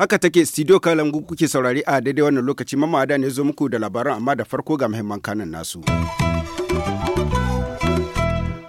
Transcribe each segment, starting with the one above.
Haka take studio Kalangu kuke saurari a daidai wannan lokaci mamada ne zo muku da labaran amma da farko ga muhimman kanan nasu.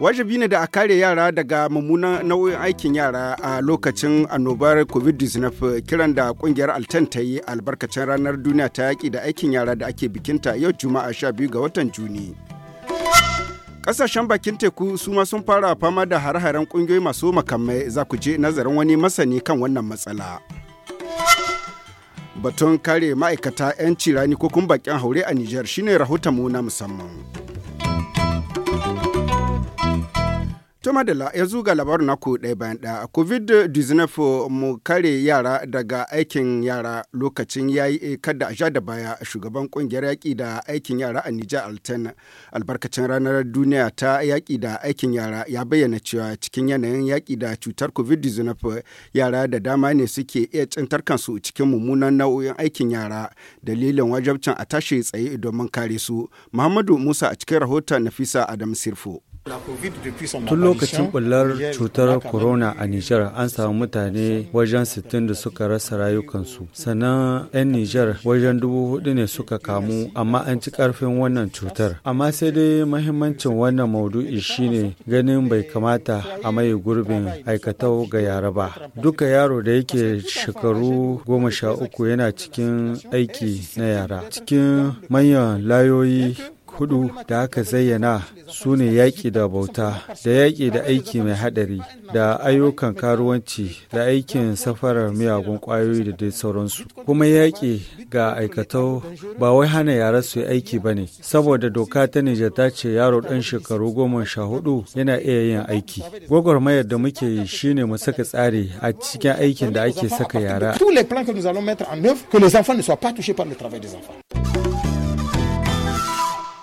wajibi ne da a kare yara daga mummunan nau'in aikin yara a lokacin annobar covid-19 kiran da kungiyar altan ta yi albarkacin ranar duniya ta yaƙi da aikin yara da ake bikinta yau juma'a 12 ga watan juni Ƙasashen bakin teku su ma sun fara fama da hare-haren kungiyoyi masu makamai za ku je nazarin wani masani kan wannan matsala batun kare ma'aikata 'yanci rani ko kun bakin haure a nijar shine rahoton mu na musamman To madalla ya zuga labarin naku ɗaya bayan ɗaya. COVID-19 mu kare yara daga aikin yara lokacin ya yi eh, kada a sha da baya shugaban ƙungiyar yaƙi da aikin yara a Nijar Alten albarkacin ranar duniya ta yaƙi da aikin yara ya bayyana cewa cikin yanayin yaƙi da cutar COVID-19 yara da dama ne suke iya tsintar kansu cikin mummunan nau'o'in aikin yara dalilin wajabcin a tashi tsaye domin kare su. Muhammadu Musa a cikin rahoton Nafisa Adam Sirfo. Tun lokacin bullar cutar corona a Nijar an samu mutane wajen sittin da suka rasa rayukansu. Sannan 'yan Nijar wajen dubu hudu ne suka kamu amma an ci karfin wannan cutar. Amma sai dai mahimmancin wannan maudu'i shine ganin bai kamata a mai gurbin aikatau ga yara ba. Duka yaro da yake shekaru goma sha uku yana cikin aiki na yara. Cikin manyan layoyi hudu da aka zayyana su ne yaƙi da bauta da yaƙi da aiki mai haɗari da ayyukan karuwanci da aikin safarar miyagun ƙwayoyi da dai sauransu kuma yaƙi ga aikatau ba wai hana yara su yi aiki ba ne saboda doka ta nija ta ce yaro ɗan shekaru goma sha hudu yana iya yin aiki gwagwarmayar da muke yi shine mu saka tsari a cikin aikin da ake saka yara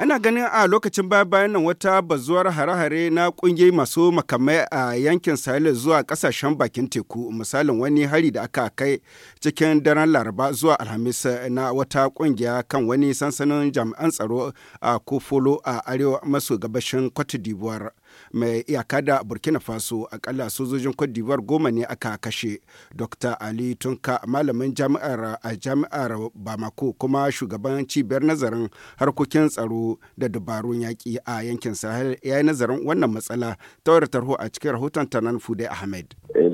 Ana ganin a lokacin baya-bayan nan wata bazuwar hare-hare na kungiyoyi masu makamai a yankin Sahel zuwa kasashen bakin teku misalin wani hari da aka kai cikin daren Laraba zuwa Alhamis na wata kungiya kan wani sansanin jami'an tsaro a Kofolo a arewa maso gabashin Cote d'Ivoire. mai iyaka da burkina faso akalla sojojin cote goma ne aka kashe dr ali tunka malamin jami'ar a jami'ar bamako kuma shugaban cibiyar nazarin harkokin tsaro da dabarun yaƙi a yankin sahel ya yi nazarin wannan matsala ta tarho a cikin rahoton tanan fude ahmed eh,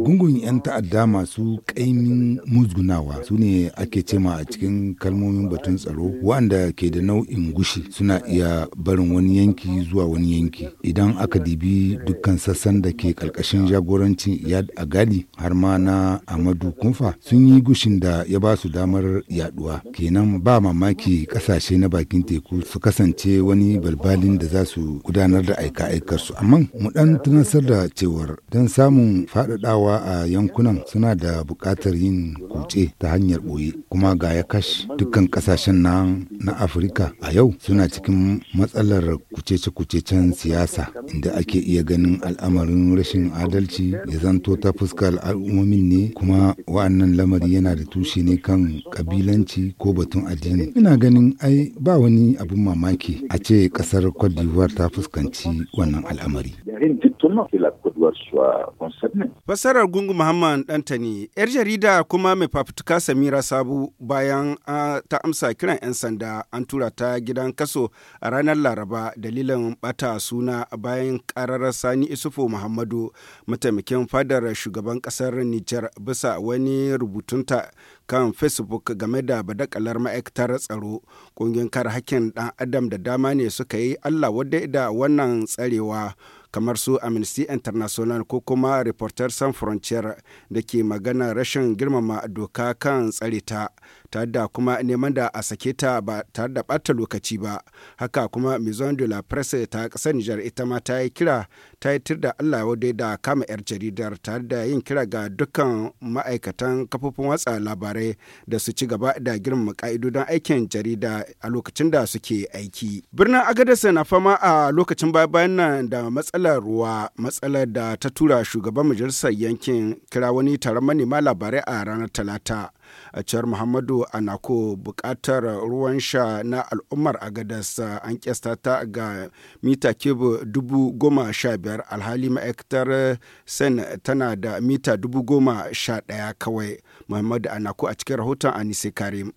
Gungun 'yan ta'adda masu ƙaimin musgunawa su ne ake cema a cikin kalmomin batun tsaro wanda ke da nau'in gushi suna iya barin wani yanki zuwa wani yanki idan aka dibi dukkan sassan da ke ƙarƙashin jagorancin a Agadi har ma na Amadu kunfa sun yi gushin da ya ba su damar yaduwa kenan ba mamaki ƙasashe na bakin teku su kasance wani balbalin da za su gudanar da aika-aikarsu amma mu ɗan tunasar da cewar don samun faɗaɗawa talakawa a yankunan suna da buƙatar yin kuce ta hanyar ɓoye kuma ga ya kashe dukkan ƙasashen na na afirka a yau suna cikin matsalar kucece-kucecen siyasa inda ake iya ganin al'amarin rashin adalci ya zanto ta fuskar al'ummomin ne kuma wa'annan lamari yana da tushe ne kan kabilanci ko batun addini ina ganin ai ba wani abin mamaki a ce ƙasar cote ta fuskanci wannan al'amari Bahrain duk tournant de la Fassarar Gungu Muhammad Dantani, yar jarida kuma mai fafutuka Samira Sabu bayan ta amsa kiran 'yan sanda an tura ta gidan kaso a ranar Laraba dalilin bata suna bayan ƙarar Sani Isufu Muhammadu mataimakin fadar shugaban ƙasar Nijar bisa wani rubutunta kan Facebook game da badakalar ma'aikatar tsaro kungiyar kar hakkin ɗan adam da dama ne suka yi Allah wadda da wannan tsarewa kamar su amnesty international ko kuma reporter san frontier da ke magana rashin girmama doka kan tsare ta da kuma neman da a sake ta ba tare da bata lokaci ba haka kuma maison de la presse ta ƙasar nijar ita ma ta yi kira ta yi tir da allah wadda da kama yar jaridar tare da yin kira ga dukkan ma'aikatan kafofin watsa labarai da su ci gaba da girmama ka'idodin aikin jarida a lokacin da suke aiki birnin agadasa na fama a lokacin baya-bayan nan da matsalar ruwa matsalar da ta tura shugaban majalisar yankin kira wani taron manema labarai a ranar talata a cewar muhammadu anako ana ko buƙatar ruwan sha na al'ummar sa uh, an kyasta ta ga mita kibu dubu goma sha biyar alhali ma'aikatar uh, sen tana da mita dubu goma sha ɗaya kawai muhammadu anako a cikin rahoton anise karim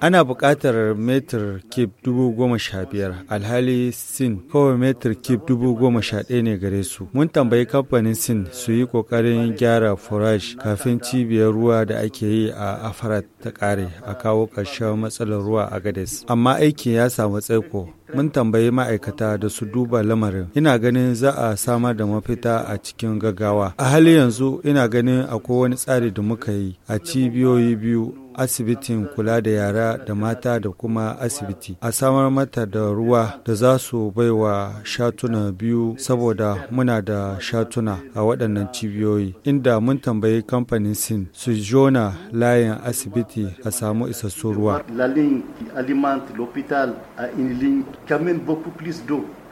Ana buƙatar metar kib dubu goma sha biyar alhali sin kawai metar kib dubu goma sha ɗaya ne gare su. Mun tambayi kamfanin sin su yi ƙoƙarin gyara forage kafin cibiyar ruwa da ake yi a Afarat ta ƙare a kawo ƙarshen matsalar ruwa a Gades. Amma aikin ya samu tsaiko mun tambayi ma'aikata da su duba lamarin ina ganin za a samar da mafita a cikin gaggawa a hali yanzu ina ganin akwai wani tsari da muka yi a cibiyoyi biyu asibitin kula da yara da mata da kuma asibiti a samar mata da ruwa da za su wa shatuna biyu saboda muna da shatuna a waɗannan cibiyoyi inda mun tambayi kamfanin sin su jona layin asibiti a samu isassun ruwa.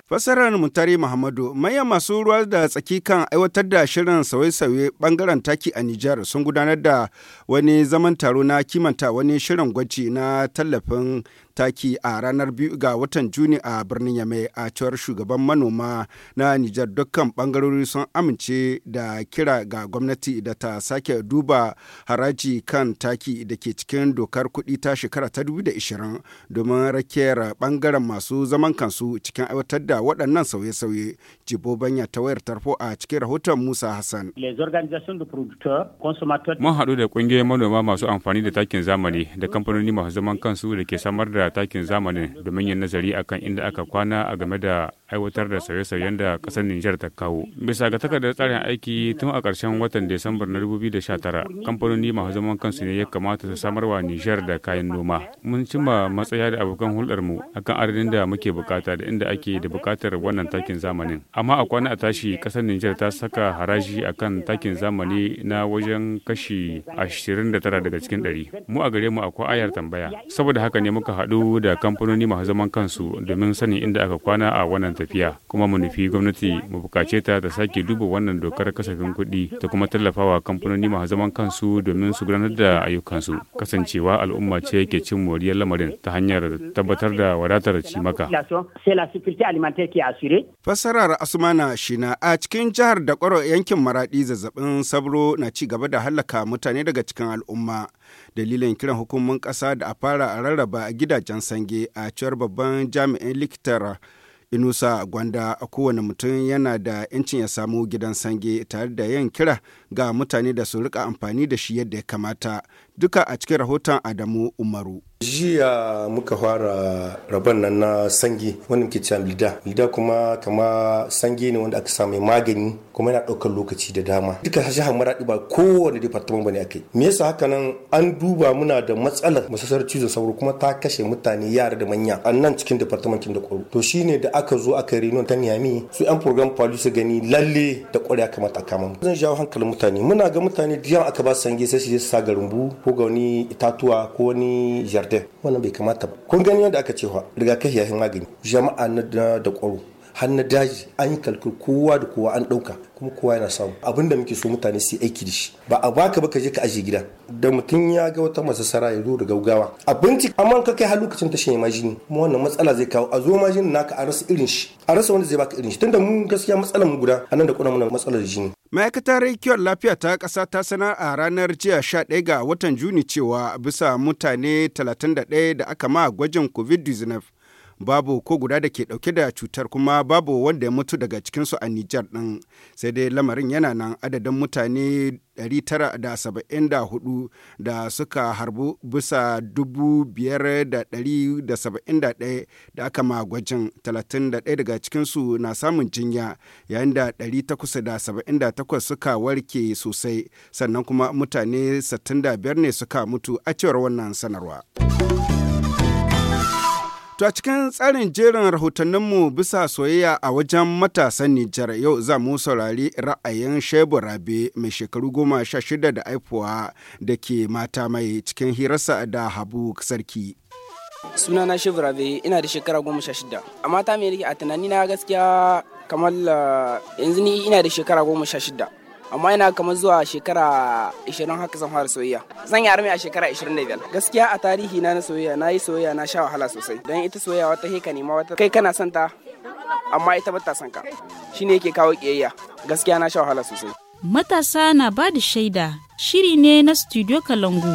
fasarar Mutare Muhammadu, manya masu ruwa da tsaki kan aiwatar da shirin sauye-sauye bangaren taki a Nijar sun gudanar da wani zaman taro na kimanta wani shirin gwaji na tallafin taki a ranar biyu ga watan Juni a birnin Yamai a cewar shugaban manoma na Nijar dukkan bangarori sun amince da kira ga gwamnati da ta sake duba haraji kan taki da ke cikin dokar kuɗi ta shekara ta 2020 domin rakiyar bangaren masu zaman kansu cikin aiwatar da waɗannan sauye-sauye. Jibo Banya ta wayar tarfo a cikin rahoton Musa Hassan. Mun haɗu da ƙungiyar manoma masu amfani da takin zamani da kamfanoni masu zaman kansu da ke samar da da takin zamanin domin yin nazari akan inda aka kwana a game da aiwatar da sauye-sauyen da kasar Nijar ta kawo. Bisa ga takardar tsarin aiki tun a ƙarshen watan Desamba na 2019, kamfanoni masu zaman kansu ne ya kamata su samar wa Nijar da kayan noma. Mun cimma matsaya da abokan hulɗarmu akan adadin da muke bukata da inda ake da bukatar wannan takin zamanin. Amma a kwana a tashi kasar Nijar ta saka haraji kan takin zamani na wajen kashi 29 daga cikin 100. Mu a gare mu akwai ayar tambaya. Saboda haka ne muka haɗu da kamfanoni masu zaman kansu domin sanin inda aka kwana a wannan tafiya kuma mu nufi gwamnati mu bukace ta ta sake duba wannan dokar kasafin kuɗi ta kuma tallafawa kamfanoni masu zaman kansu domin su gudanar da ayyukansu kasancewa al'umma ce ke cin moriyar lamarin ta hanyar tabbatar da wadatar cimaka. Fassarar Asmana Shina a cikin jihar da kwaro yankin Maradi zazzabin sabro na ci gaba da hallaka mutane daga cikin al'umma. Dalilin kiran hukumomin ƙasa da a fara a rarraba gidajen sange a cewar babban jami'in likitar Inusa Gwanda kowane mutum yana da 'yancin ya samu gidan sange tare da yin kira ga mutane da su rika amfani da shi yadda ya kamata duka a cikin rahoton Adamu Umaru. jiya muka fara rabon nan na sangi wanda muke cewa lida lida kuma kama sangi ne wanda aka samu magani kuma yana ɗaukar lokaci da dama duka sashen maraɗi ba kowane department bane aka yi me yasa haka nan an duba muna da matsalar masasar cizon sauro kuma ta kashe mutane yara da manya a nan cikin kin da kwaro to shine da aka zo aka reno ta niyami su yan program policy gani lalle da kwari ya kamata a kama zan jawo hankalin mutane muna ga mutane duk aka ba su sange sai su je su sa garumbu ko ga wani itatuwa ko wani jardin wannan bai kamata ba kun gani yadda aka ce wa rigakafi yayin magani jama'a na da kwaro har daji an yi kalkul kowa da kowa an ɗauka kuma kowa yana samu abin da muke so mutane su aiki da shi ba a baka ba ka je ka aje gida da mutum ya ga wata sara ya zo da gaugawa abinci amma ka kai har lokacin ta shanye majini kuma wannan matsala zai kawo a zo majinin naka a rasa irin shi a rasa wanda zai baka irin shi tunda mun gaskiya matsalar mu guda anan da kuna mana matsalar jini ma'aikatar rikiyar lafiya ta ƙasa ta sanar a ranar jiya sha 11 ga watan juni cewa bisa mutane 31 da aka ma gwajin covid-19 babu ko guda da ke dauke da cutar kuma babu wanda ya mutu daga cikinsu a Nijar ɗin. Sai dai lamarin yana nan adadin mutane 974 da suka harbu bisa 5,571 da aka ma gwajin 31 daga cikinsu na samun jinya yayin da 878 suka warke sosai sannan kuma mutane 65 ne suka mutu a cewar wannan sanarwa. To a cikin tsarin jerin rahotanninmu bisa soyayya a wajen matasan Nijar yau za mu saurari ra'ayin Shebu Rabe mai shekaru goma sha shida da aifuwa da ke mata mai cikin hirarsa da Habu Sarki. na Shebu Rabe ina da shekara goma sha shida. A mata mai a tunanina gaskiya kamar eh, yanzu ni ina da shekara goma sha shida. amma ina kamar zuwa shekara 20 haka zan fara soyayya zan yi armi a shekara 25 gaskiya a tarihi na na soyayya na yi soyayya na sha wahala sosai don ita soyayya wata heka ne ma wata kai kana son ta amma ita bata son ka shine yake kawo kiyayya gaskiya na sha wahala sosai matasa na ba da shaida shiri ne na studio kalangu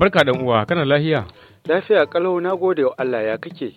barka dan uwa kana lahiya lafiya kalau na gode wa Allah ya kake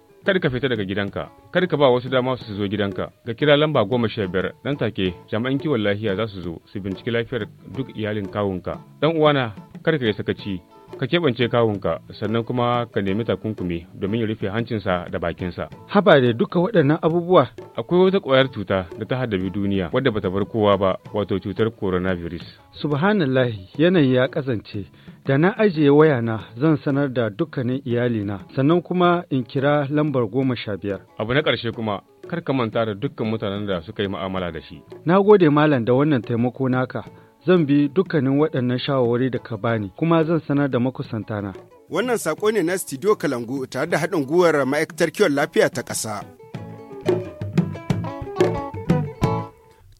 Kar ka fita daga gidanka, kar ka ba wasu dama su zo gidanka. Ga kira lamba goma sha biyar nan take jami'an kiwon lafiya za su zo su binciki lafiyar duk iyalin kawunka. Dan uwana, kar ka yi sakaci, ka keɓance kawunka sannan kuma ka nemi takunkumi domin ya rufe hancinsa da bakinsa. Haba da duka waɗannan abubuwa. Akwai wata ƙwayar cuta da ta haddabi duniya wadda bata bar kowa ba wato cutar coronavirus. Subhanallah yanayi ya kasance Da na ajiye wayana zan sanar da dukkanin iyalina sannan kuma in kira lambar goma sha biyar. Abu na ƙarshe kuma kar ka manta da dukkan mutanen da suka yi ma'amala da shi. Na gode malam da wannan taimako naka. Zan bi dukkanin waɗannan shawarwari da ka bani kuma zan sanar da makusantana. Wannan saƙo ne na Studio Kalangu tare da haɗin gwiwar ma'aikatar kiwon lafiya ta ƙasa.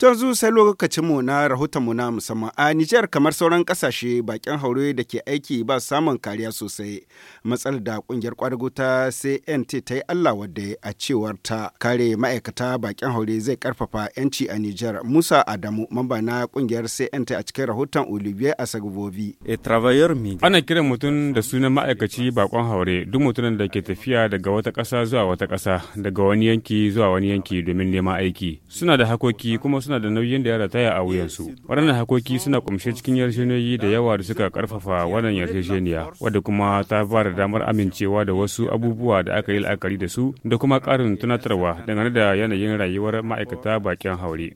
zu sai lokacinmu na rahotonmu na musamman a Nijar kamar sauran kasashe bakin haure da ke aiki ba samun kariya sosai matsalar da kungiyar kwadago ta CNT ta yi Allah wadda a cewar ta kare ma'aikata bakin haure zai karfafa yanci a Nijar Musa Adamu mamba na kungiyar CNT a cikin rahoton Olivier Asagbobi. a travailleur mi. Ana kiran mutum da sunan ma'aikaci bakon haure duk mutumin da ke tafiya daga wata kasa zuwa wata kasa daga wani yanki zuwa wani yanki domin neman aiki suna da hakoki kuma suna suna da nauyin da ya rataya a wuyansu waɗannan hakoki suna kumshe cikin yarjejeniyoyi da yawa da suka karfafa wannan yarjejeniya wadda kuma ta ba da damar amincewa da wasu abubuwa da aka yi la'akari da su da kuma ƙarin tunatarwa dangane da yanayin rayuwar ma'aikata bakin haure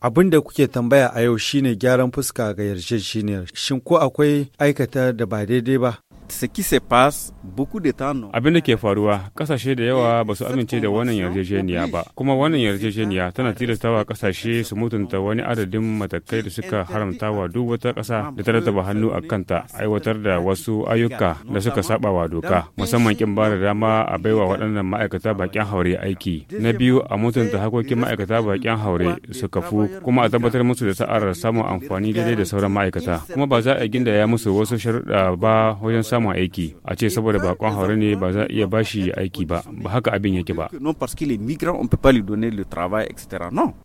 abin da kuke tambaya a yau shine gyaran fuska ga yarjejeniyar shin ko akwai aikata da ba daidai ba Abin da ke faruwa, kasashe da yawa ba su amince da wannan yarjejeniya ba, kuma wannan yarjejeniya tana tilastawa kasashe su mutunta wani adadin matakai da suka haramta wa duk wata ƙasa da ta rattaba hannu a kanta aiwatar da wasu ayyuka da suka saba wa doka, musamman kin bada dama a baiwa waɗannan ma'aikata bakin haure aiki. Na biyu, a mutunta hakokin ma'aikata bakin haure su kafu kuma a tabbatar musu da sa'ar samun amfani daidai da sauran ma'aikata, kuma ba za a ya musu wasu sharuɗa ba wajen samun kama aiki a ce saboda bakon haure ne ba za a iya bashi aiki ba ba haka abin yake ba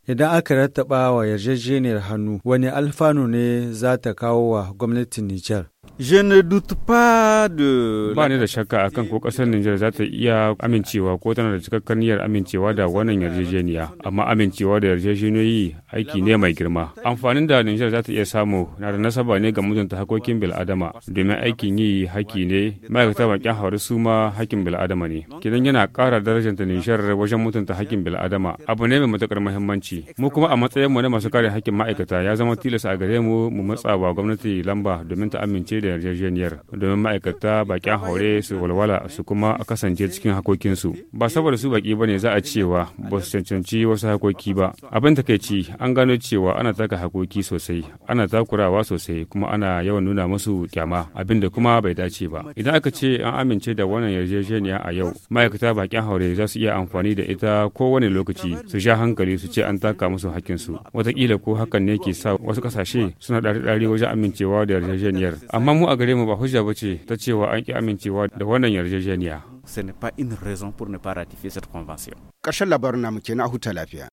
idan aka rattaba wa yarjejeniyar hannu wani alfanu ne za ta kawo wa gwamnatin Nijar Je ne doute pas de Ba ni da shakka akan ko kasar Nijar za ta iya amincewa ko tana da cikakken niyyar amincewa da wannan yarjejeniya, amma amincewa da yarjejeniyoyi aiki ne mai girma. Amfanin da Nijar za ta iya samu na da nasaba ne ga mutunta hakokin bil'adama, domin aikin yi haki ne, ma'aikata bakin hauri su ma hakin bil'adama ne. Kidan yana ƙara darajanta Nijar wajen mutunta hakin bil'adama, abu ne mai matuƙar muhimmanci. Mu kuma a matsayin mu na masu kare hakin ma'aikata ya zama tilas a gare mu mu matsa gwamnati lamba domin ta amince da da yarjejeniyar domin ma'aikata bakin haure su walwala su kuma kasance cikin hakokinsu ba saboda su baki bane za a cewa ba su cancanci wasu hakoki ba abin takaici an gano cewa ana taka hakoki sosai ana takurawa sosai kuma ana yawan nuna musu kyama abin da kuma bai dace ba idan aka ce an amince da wannan yarjejeniya a yau ma'aikata bakin haure za su iya amfani da ita kowane lokaci su sha hankali su ce an taka musu hakkinsu watakila ko hakan ne ke sa wasu kasashe suna ɗari-ɗari wajen amincewa da yarjejeniyar amma mu a gare mu ba hujja ba ce ta cewa an ki amincewa da wannan yarjejeniya. Ce n'est pas une raison pour ne pas ratifier cette convention. Ƙarshen labarin namu kenan a huta lafiya.